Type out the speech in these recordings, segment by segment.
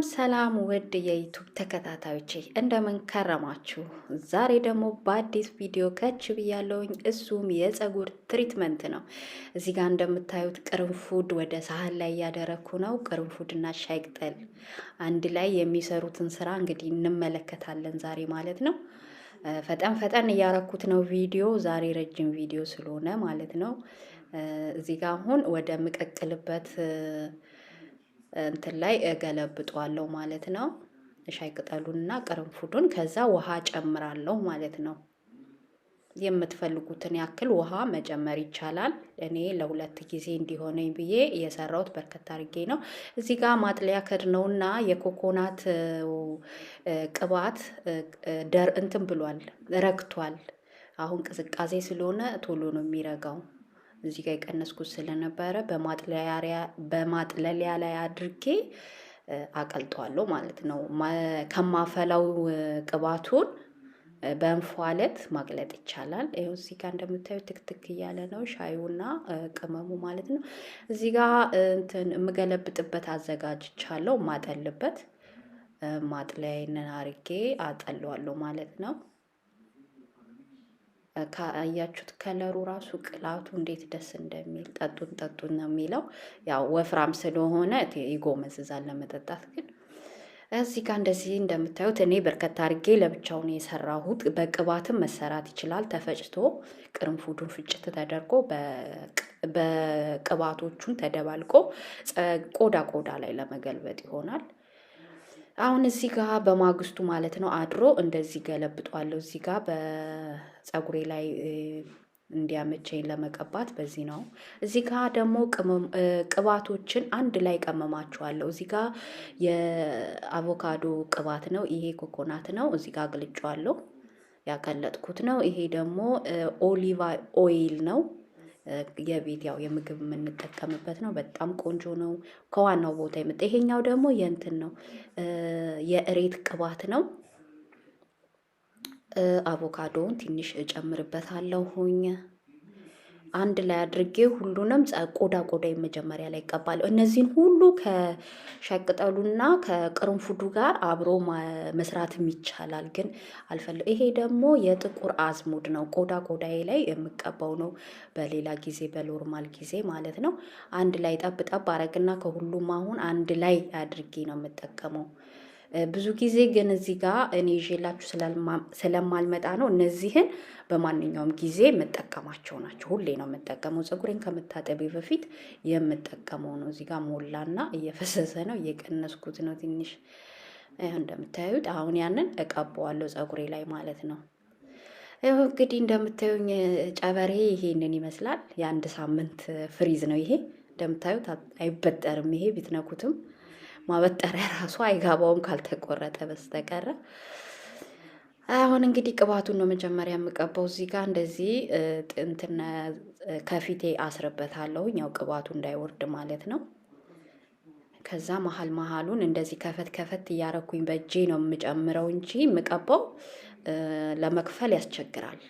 ሰላም ሰላም ውድ የዩቱብ ተከታታዮች እንደምን ከረማችሁ? ዛሬ ደግሞ በአዲስ ቪዲዮ ከች ብያለውኝ። እሱም የፀጉር ትሪትመንት ነው። እዚህ ጋር እንደምታዩት ቅርንፉድ ወደ ሳህን ላይ እያደረግኩ ነው። ቅርንፉድና ሻይ ቅጠል አንድ ላይ የሚሰሩትን ስራ እንግዲህ እንመለከታለን ዛሬ ማለት ነው። ፈጠን ፈጠን እያረኩት ነው ቪዲዮ ዛሬ ረጅም ቪዲዮ ስለሆነ ማለት ነው። እዚህ ጋር አሁን ወደ ምቀቅልበት እንትን ላይ እገለብጠዋለሁ ማለት ነው። ሻይ ቅጠሉንና ቅርንፉዱን ከዛ ውሃ ጨምራለሁ ማለት ነው። የምትፈልጉትን ያክል ውሃ መጨመር ይቻላል። እኔ ለሁለት ጊዜ እንዲሆነኝ ብዬ የሰራሁት በርከት አድርጌ ነው። እዚህ ጋር ማጥለያ ከድ ነው የኮኮናት ቅባት ደር እንትን ብሏል፣ ረግቷል። አሁን ቅዝቃዜ ስለሆነ ቶሎ ነው የሚረጋው። እዚህ ጋር የቀነስኩት ስለነበረ በማጥለሊያ ላይ አድርጌ አቀልጠዋለሁ ማለት ነው። ከማፈላው ቅባቱን በእንፏለት ማቅለጥ ይቻላል። ይኸው እዚህ ጋር እንደምታዩ ትክትክ እያለ ነው ሻዩና ቅመሙ ማለት ነው። እዚህ ጋር እንትን የምገለብጥበት አዘጋጅቻለሁ። ማጠልበት ማጥለያይንን አርጌ አጠለዋለሁ ማለት ነው። ካያችሁት ከለሩ ራሱ ቅላቱ እንዴት ደስ እንደሚል ጠጡን ጠጡን ነው የሚለው። ያው ወፍራም ስለሆነ ይጎመዝዛል ለመጠጣት ግን እዚህ ጋር እንደዚህ እንደምታዩት እኔ በርከት አድርጌ ለብቻውን የሰራሁት። በቅባትም መሰራት ይችላል። ተፈጭቶ ቅርንፉዱን ፍጭት ተደርጎ በቅባቶቹን ተደባልቆ ቆዳ ቆዳ ላይ ለመገልበጥ ይሆናል። አሁን እዚህ ጋ በማግስቱ ማለት ነው አድሮ እንደዚህ ገለብጧለሁ። እዚህ ጋ በፀጉሬ ላይ እንዲያመቸኝ ለመቀባት በዚህ ነው። እዚህ ጋ ደግሞ ቅባቶችን አንድ ላይ ቀመማችኋለሁ። እዚህ ጋ የአቮካዶ ቅባት ነው። ይሄ ኮኮናት ነው። እዚህ ጋ አግልጫዋለሁ፣ ያቀለጥኩት ነው። ይሄ ደግሞ ኦሊቫ ኦይል ነው። የቤት ያው የምግብ የምንጠቀምበት ነው። በጣም ቆንጆ ነው። ከዋናው ቦታ ይመጣ። ይሄኛው ደግሞ የእንትን ነው የእሬት ቅባት ነው። አቮካዶውን ትንሽ እጨምርበታለሁኝ። አንድ ላይ አድርጌ ሁሉንም ቆዳ ቆዳ መጀመሪያ ላይ ይቀባለሁ። እነዚህን ሁሉ ከሸቅጠሉና ከቅርንፉዱ ጋር አብሮ መስራትም ይቻላል፣ ግን አልፈለ ይሄ ደግሞ የጥቁር አዝሙድ ነው፣ ቆዳ ቆዳዬ ላይ የምቀባው ነው። በሌላ ጊዜ በኖርማል ጊዜ ማለት ነው። አንድ ላይ ጠብ ጠብ አረግና ከሁሉም አሁን አንድ ላይ አድርጌ ነው የምጠቀመው። ብዙ ጊዜ ግን እዚህ ጋር እኔ ይዤላችሁ ስለማልመጣ ነው። እነዚህን በማንኛውም ጊዜ የምጠቀማቸው ናቸው። ሁሌ ነው የምጠቀመው። ፀጉሬን ከምታጠቤ በፊት የምጠቀመው ነው። እዚህ ጋር ሞላና እየፈሰሰ ነው። እየቀነስኩት ነው ትንሽ እንደምታዩት። አሁን ያንን እቀባዋለሁ ፀጉሬ ላይ ማለት ነው። ይኸው እንግዲህ እንደምታዩኝ ጨበሬ ይሄንን ይመስላል። የአንድ ሳምንት ፍሪዝ ነው ይሄ እንደምታዩት አይበጠርም። ይሄ ቢትነኩትም ማበጠሪያ ራሱ አይገባውም ካልተቆረጠ በስተቀረ። አሁን እንግዲህ ቅባቱን ነው መጀመሪያ የምቀባው። እዚህ ጋር እንደዚህ ጥንትነ ከፊቴ አስርበታለሁ፣ ያው ቅባቱ እንዳይወርድ ማለት ነው። ከዛ መሀል መሀሉን እንደዚህ ከፈት ከፈት እያረኩኝ በእጄ ነው የምጨምረው እንጂ የምቀባው ለመክፈል ያስቸግራል።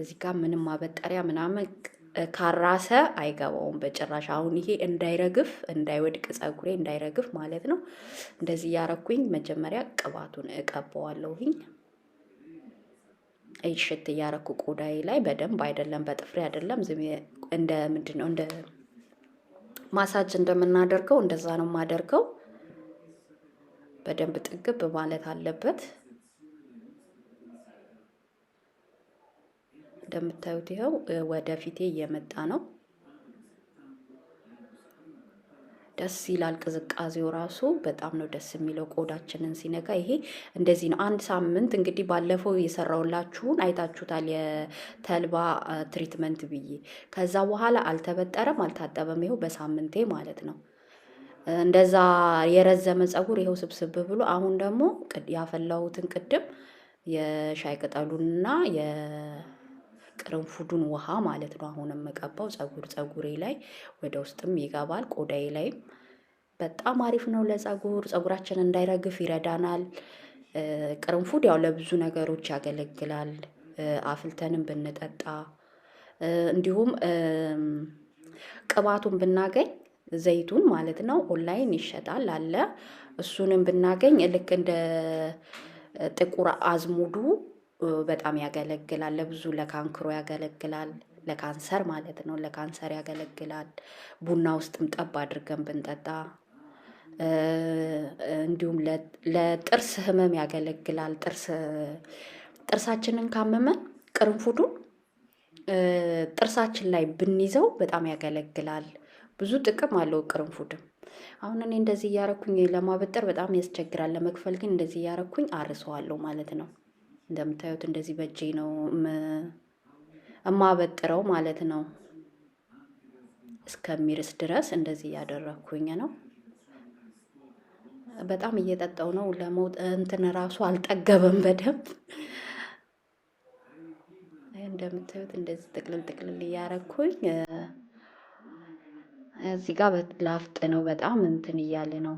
እዚህ ጋር ምንም ማበጠሪያ ምናምን ካራሰ አይገባውም በጭራሽ። አሁን ይሄ እንዳይረግፍ እንዳይወድቅ ጸጉሬ እንዳይረግፍ ማለት ነው። እንደዚህ እያረኩኝ መጀመሪያ ቅባቱን እቀባዋለሁኝ። እሽት እያረኩ ቆዳዬ ላይ በደንብ አይደለም፣ በጥፍሬ አይደለም። ዝም እንደ ምንድን ነው እንደ ማሳጅ እንደምናደርገው እንደዛ ነው የማደርገው። በደንብ ጥግብ ማለት አለበት። እንደምታዩት ይኸው ወደፊቴ እየመጣ ነው። ደስ ይላል። ቅዝቃዜው ራሱ በጣም ነው ደስ የሚለው ቆዳችንን ሲነካ። ይሄ እንደዚህ ነው። አንድ ሳምንት እንግዲህ ባለፈው የሰራውላችሁን አይታችሁታል፣ የተልባ ትሪትመንት ብዬ። ከዛ በኋላ አልተበጠረም፣ አልታጠበም። ይኸው በሳምንቴ ማለት ነው። እንደዛ የረዘመ ጸጉር ይኸው ስብስብ ብሎ አሁን ደግሞ ያፈላሁትን ቅድም የሻይ ቅጠሉንና ቅርንፉዱን ውሃ ማለት ነው። አሁን የምቀባው ጸጉር ጸጉሬ ላይ ወደ ውስጥም ይገባል ቆዳዬ ላይም በጣም አሪፍ ነው ለጸጉር። ጸጉራችን እንዳይረግፍ ይረዳናል። ቅርንፉድ ያው ለብዙ ነገሮች ያገለግላል። አፍልተንም ብንጠጣ እንዲሁም ቅባቱን ብናገኝ ዘይቱን ማለት ነው ኦንላይን ይሸጣል አለ እሱንም ብናገኝ ልክ እንደ ጥቁር አዝሙዱ በጣም ያገለግላል። ለብዙ ለካንክሮ ያገለግላል፣ ለካንሰር ማለት ነው። ለካንሰር ያገለግላል። ቡና ውስጥም ጠብ አድርገን ብንጠጣ እንዲሁም ለጥርስ ህመም ያገለግላል። ጥርስ ጥርሳችንን ካመመን ቅርንፉዱን ጥርሳችን ላይ ብንይዘው በጣም ያገለግላል። ብዙ ጥቅም አለው ቅርንፉድም። አሁን እኔ እንደዚህ እያረኩኝ ለማበጠር በጣም ያስቸግራል፣ ለመክፈል ግን እንደዚህ እያረኩኝ አርሰዋለሁ ማለት ነው። እንደምታዩት እንደዚህ በእጄ ነው እማበጥረው ማለት ነው። እስከሚርስ ድረስ እንደዚህ እያደረግኩኝ ነው። በጣም እየጠጣው ነው። ለመውጥ እንትን ራሱ አልጠገበም በደንብ እንደምታዩት እንደዚህ ጥቅልል ጥቅልል እያረግኩኝ እዚህ ጋር ላፍጥ ነው። በጣም እንትን እያለ ነው።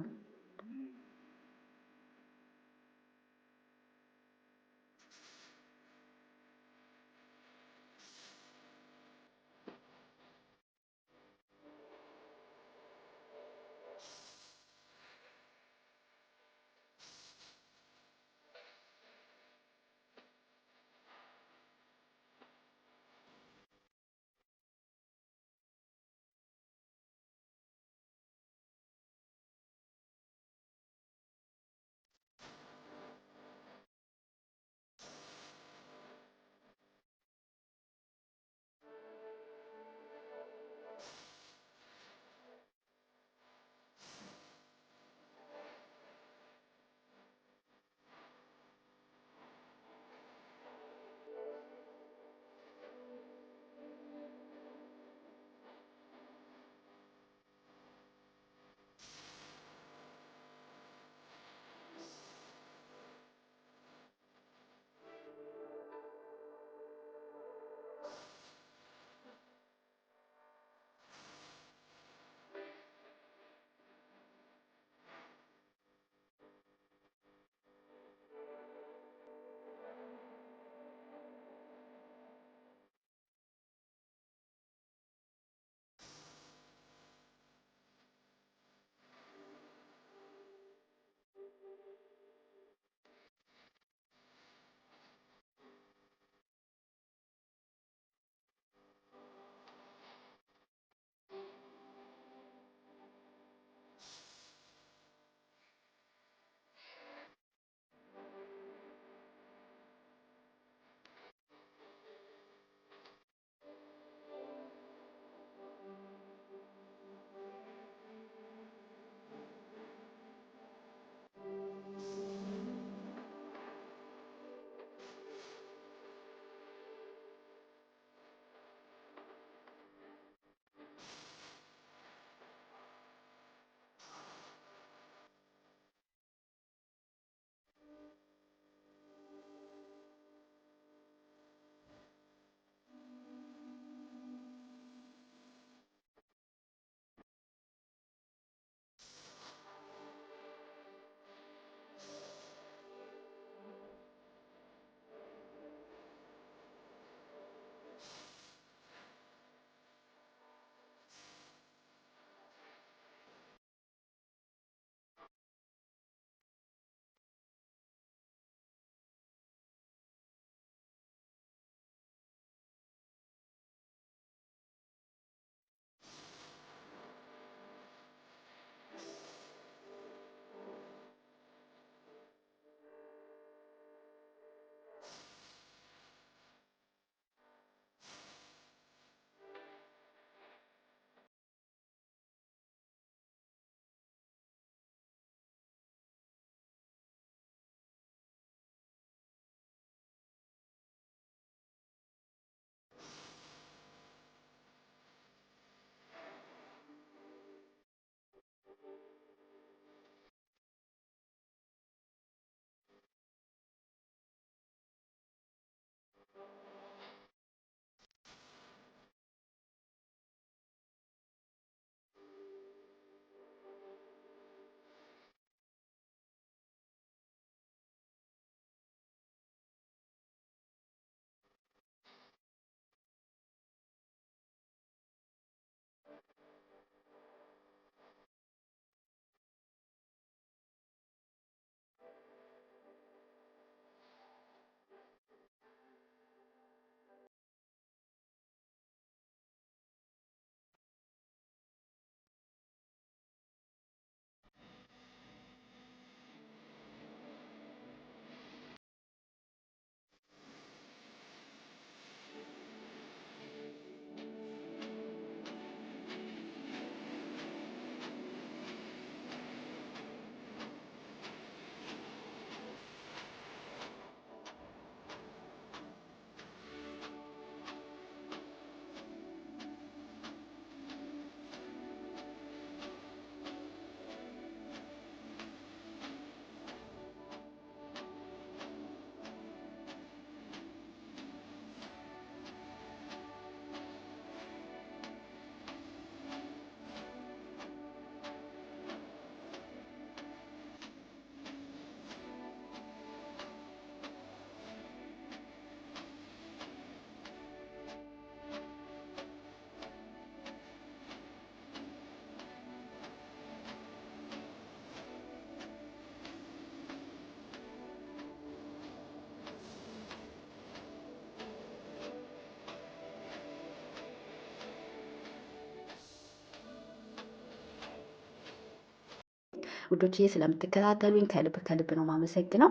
ውዶችዬ ስለምትከታተሉኝ ከልብ ከልብ ነው ማመሰግነው።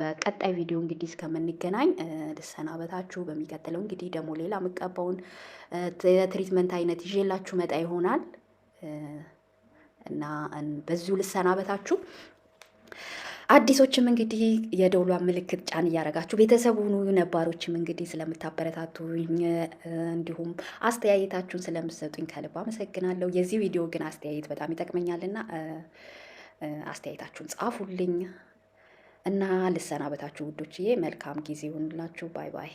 በቀጣይ ቪዲዮ እንግዲህ እስከምንገናኝ ልሰናበታችሁ። በሚቀጥለው እንግዲህ ደግሞ ሌላ የምቀባውን የትሪትመንት አይነት ይዤላችሁ መጣ ይሆናል እና በዚሁ ልሰናበታችሁ። አዲሶችም እንግዲህ የደውሏ ምልክት ጫን እያደረጋችሁ ቤተሰቡ ነባሮችም እንግዲህ ስለምታበረታቱኝ እንዲሁም አስተያየታችሁን ስለምትሰጡኝ ከልብ አመሰግናለሁ። የዚህ ቪዲዮ ግን አስተያየት በጣም ይጠቅመኛልና አስተያየታችሁን ጻፉልኝ እና ልሰናበታችሁ ውዶችዬ። መልካም ጊዜ ይሁንላችሁ። ባይ ባይ።